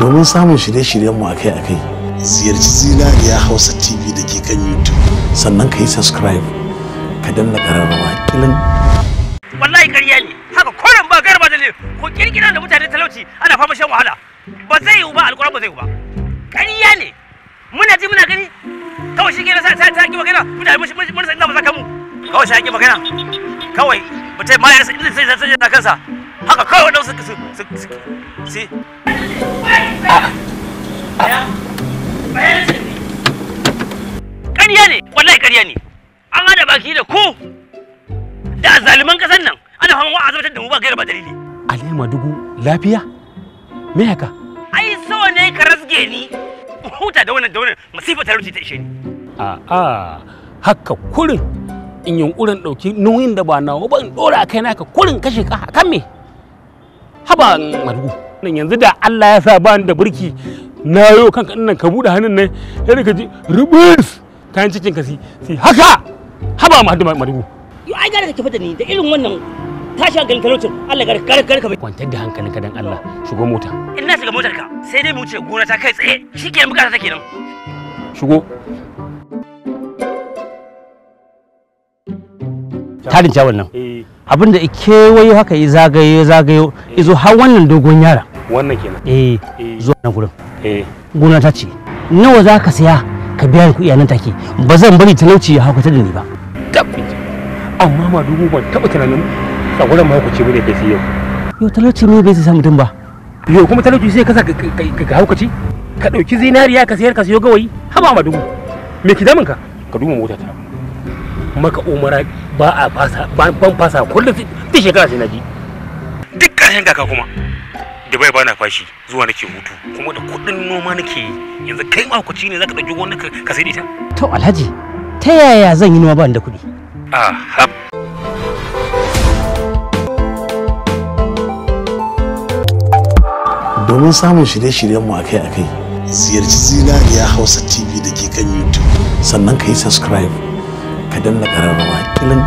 domin samun shirye-shiryenmu akai-akai. Ziyarci Zinariya Hausa TV da ke kan YouTube. Sannan ka yi subscribe, ka danna ƙararrawa kilin. Wallahi ƙarya ne, haka koren ba ba da ko kirkiran da mutane talauci ana fama shan wahala. Ba zai yiwu ba, alƙura ba zai yiwu ba. Ƙarya ne, muna ji muna gani, kawai shi kenan sa ta ki magana, mutane mun san inda ba za ka mu. Kawai shi ake magana, kawai mutai ma ya rasa inda zai zai kansa. haka kawai waɗansu suka su ƙarya ne wallahi ƙarya ne an hada baki da ku da zaliman ƙasar nan ana fama wa azabtar da mu ba gaira ba dalili Ali Madugu lafiya me haka ai so ne ka rasge ni huta da wannan da wannan masifa ta rubuce ta ishe ni a a haka kurin in yunkurin ɗauki nuyin da ba nawa ba in ɗora a kai naka kurin kashe ka kan me haban madugu nan yanzu da Allah ya sa ba da burki na yo kanka nan ka bude hannun nan sai ka ji rubus kayan cikin ka si haka haba ma madugu yo ai gara ka tafi da ni da irin wannan tashi hankalin talaucin Allah gar gar gar ka kwantar da hankalin ka dan Allah shigo mota ina shiga motar ka sai dai mu wuce gona ta kai tsaye shikenan bukata take nan shigo tarin jawal nan eh abin da kewayo haka yi zagayo zagayo izo har wannan dogon yara wannan kenan eh, eh. zuwa nan gurin eh gona ta ce nawa za ka saya ka biya ku iyanan take ba zan bari talauci ya hakuta da ni ba amma ma dubu ban taɓa tunanin mai mahaukaci bane kai sai yau yau talauci ne bai sai mutum ba yau kuma talauci sai ka sa ka haukaci ka ɗauki zinariya ka sayar ka sayo gawayi haba ma dubu me ki damun ka ka duba motar ta maka umara ba a fasa ban fasa kullum duk shekara sai na ji duk ƙarshen kaka kuma dubai bana fashi zuwa nake hutu kuma da kuɗin noma nake yanzu kai ma mahaukaci ne zaka dauki wannan ka sai ta to alhaji ta yaya zan yi noma ba da kuɗi Aha. domin samun shirye-shiryenmu akai-akai ziyarci zinariya hausa tv da ke kan youtube sannan ka yi subscribe ከደመቀ ረበባ ቂልን